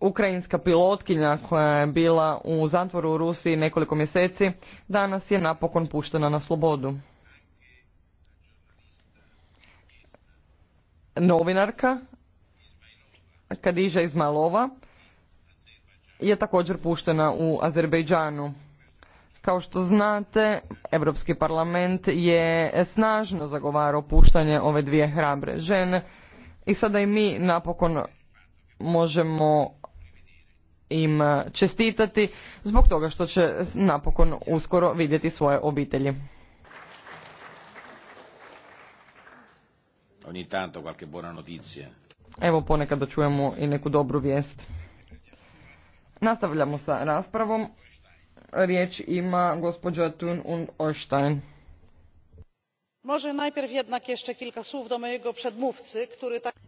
Ukrajinska pilotkinja koja je bila u zatvoru u Rusiji nekoliko mjeseci, danas je napokon puštena na slobodu. Novinarka Kadiža Izmalova je također puštena u Azerbejdžanu. Kao što znate, Europski parlament je snažno zagovarao puštanje ove dvije hrabre žene i sada i mi napokon možemo im čestitati zbog toga što će napokon uskoro vidjeti svoje obitelji. Ogni tanto qualche buona Evo ponekad da čujemo i neku dobru vijest. Nastavljamo sa raspravom. Riječ ima gospođa Thun und Orstein. Może najpierw jednak jeszcze kilka słów do mojego przedmówcy, który tak...